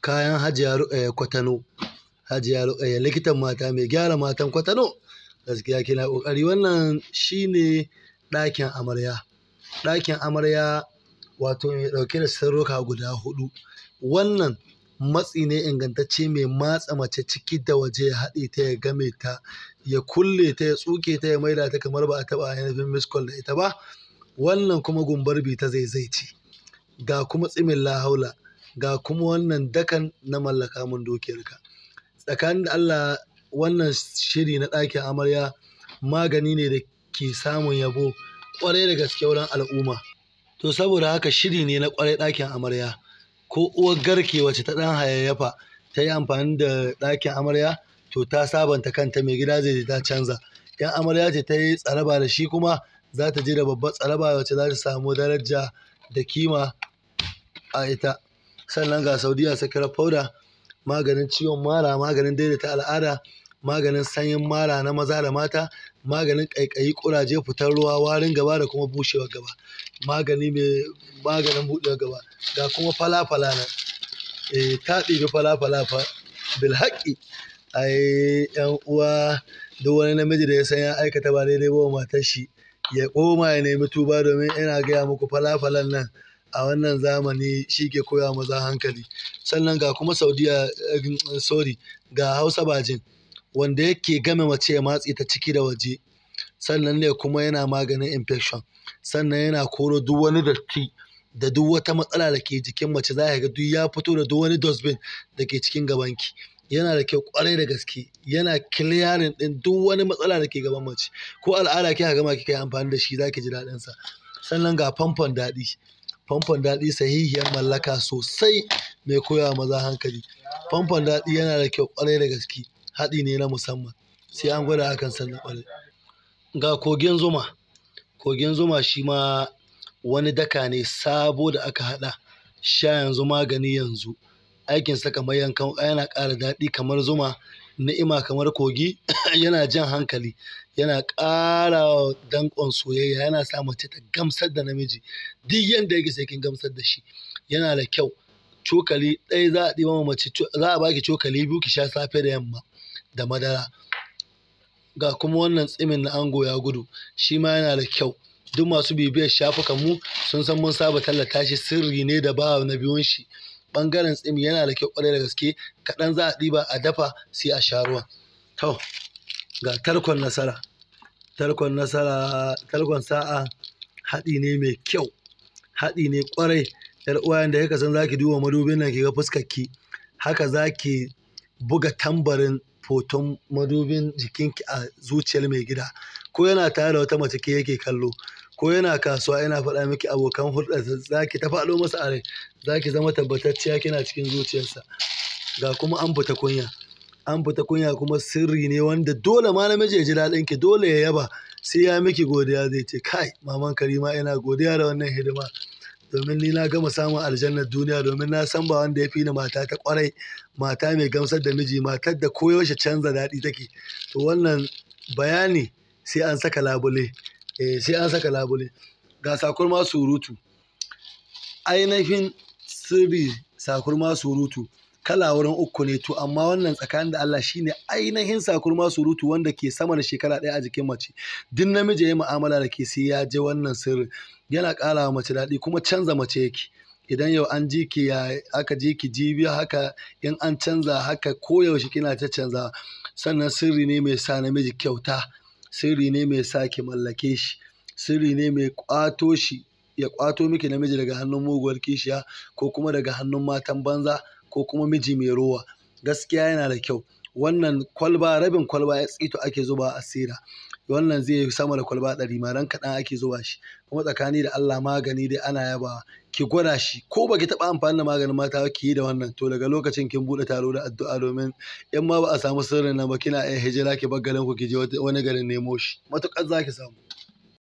kayan Hajiya Ruƙayya eh, Kwatano, Hajiya Ruƙayya eh, likitan mata mai gyara matan Kwatano, gaskiya kina ƙoƙari wannan shine ɗakin amarya. Ɗakin amarya wato mai ɗauke da sirruka guda huɗu. Wannan matsi ne ingantacce mai matsa mace ciki da waje ya haɗe ta ya game ta, ya kulle ta ya tsuke ta ya maida ta kamar ba a taɓa ainihin miskol da ita ba. Wannan kuma gumbar bi ta zaizaici. Ga kuma tsimin lahaula ga kuma wannan dakan na mallaka min dukiyarka tsakanin da Allah wannan shiri na ɗakin amarya magani ne da ke samun yabo ƙwarai da gaske wurin al'umma to saboda haka shiri ne na ƙwarai ɗakin amarya ko uwar garke wace ta ɗan hayayyafa ta yi amfani da ɗakin amarya to ta sabanta kanta mai gida zai ta canza yan amarya ce ta yi tsaraba da shi kuma za ta je da babbar tsaraba wace za ta samu daraja da kima a ita sannan ga saudiya sakira fauda maganin ciwon mara maganin daidaita al'ada maganin sanyin mara na maza da mata maganin ƙaiƙayi ƙuraje fitar ruwa warin gaba da kuma bushewar gaba magani mai maganin buɗewar gaba ga kuma falafala nan eh ta ɗibi falafala fa bil ai ƴan uwa duk wani namiji da ya san ya aikata ba daidai ba matar shi ya koma ya nemi tuba domin ina gaya muku falafalan nan a wannan zamani shi ke koya maza hankali sannan ga kuma saudiya eh, sorry ga hausa bajin wanda yake game mace ya matse ta ciki da waje sannan ne kuma yana maganin infection sannan yana koro duk wani datti da duk wata matsala da ke jikin mace za ga duk ya fito da duk wani dustbin da ke cikin gabanki yana da kyau kwarai da gaske yana clearing din duk wani matsala da ke gaban mace ko al'ada kika gama kika yi amfani da shi za ki ji daɗin sa sannan ga famfon daɗi famfon daɗi sahihiyar mallaka sosai mai koya maza hankali famfon daɗi yana da kyau kwarai da gaske haɗi ne na musamman sai an gwada hakan sannan ƙwarai ga kogin zuma kogin zuma shi ma wani daka ne sabo da aka haɗa sha yanzu magani yanzu aikinsa kamar yankan yana ƙara daɗi kamar zuma ni'ima kamar kogi yana jan hankali yana ƙara danƙon soyayya yana sa mace ta gamsar da namiji duk yanda yake sai kin gamsar da shi yana da kyau cokali ɗaya za a ɗiba mace za a baki cokali biyu ki sha safe da yamma da madara ga kuma wannan tsimin na ango ya gudu shi ma yana da kyau duk masu bibiyar shafukan mu sun san mun saba tallata shi sirri ne da ba na biyun shi ɓangaren tsimi yana da kyau ƙwarai da gaske kaɗan za a ɗiba a dafa sai a sha ruwan to ga tarkon nasara tarkon nasara tarkon sa'a haɗi ne mai kyau haɗi ne ƙwarai yar uwayen da kika san zaki duba madubin nan ga fuskar ki haka zaki buga tambarin hoton madubin jikinki a zuciyar mai gida ko yana tare da wata mace ke yake kallo ko yana kasuwa yana faɗa miki abokan hulɗarsa za ki ta faɗo masa a rai za ki zama tabbatacciya kina cikin zuciyarsa ga kuma an fita kunya an fita kunya kuma sirri ne wanda dole ma namiji ya ji daɗin ki dole ya yaba sai ya miki godiya zai ce kai maman karima ina godiya da wannan hidima domin ni na gama samun aljannar duniya domin na san ba wanda ya fi ni mata ta kwarai mata mai gamsar da miji matar da koyaushe canza daɗi take to wannan bayani sai an saka labule eh sai an saka labule ga sakurma surutu ainihin sirri sakurma surutu kala wurin uku ne to amma wannan tsakanin da Allah shine ainihin sakurma surutu wanda ke sama da shekara ɗaya a jikin mace Din namiji ya mu'amala da ke sai ya je wannan sirri yana ƙara mace daɗi kuma canza mace yake idan yau an ji ki ya aka ji ki ji biya haka in an canza haka koyaushe kina ta canza sannan sirri ne mai sa namiji kyauta sirri ne mai sa ki mallake shi sirri ne mai kwato shi ya kwato miki namiji daga hannun muguwar kishiya ko kuma daga hannun matan banza ko kuma miji mai rowa gaskiya yana da kyau wannan kwalba rabin kwalba ya tsito ake zuba a sira wannan zai yi sama da kwalba ɗari maran kaɗan ake zuba shi kuma tsakani da Allah magani dai ana yaba ki gwada shi ko ba ki taɓa amfani da maganin mata ki yi da wannan to daga lokacin kin buɗe taro da addu'a domin in ma ba a samu sirrin nan ba kina iya hijira ki bar garin ku ki je wani garin nemo shi matuƙar za ki samu.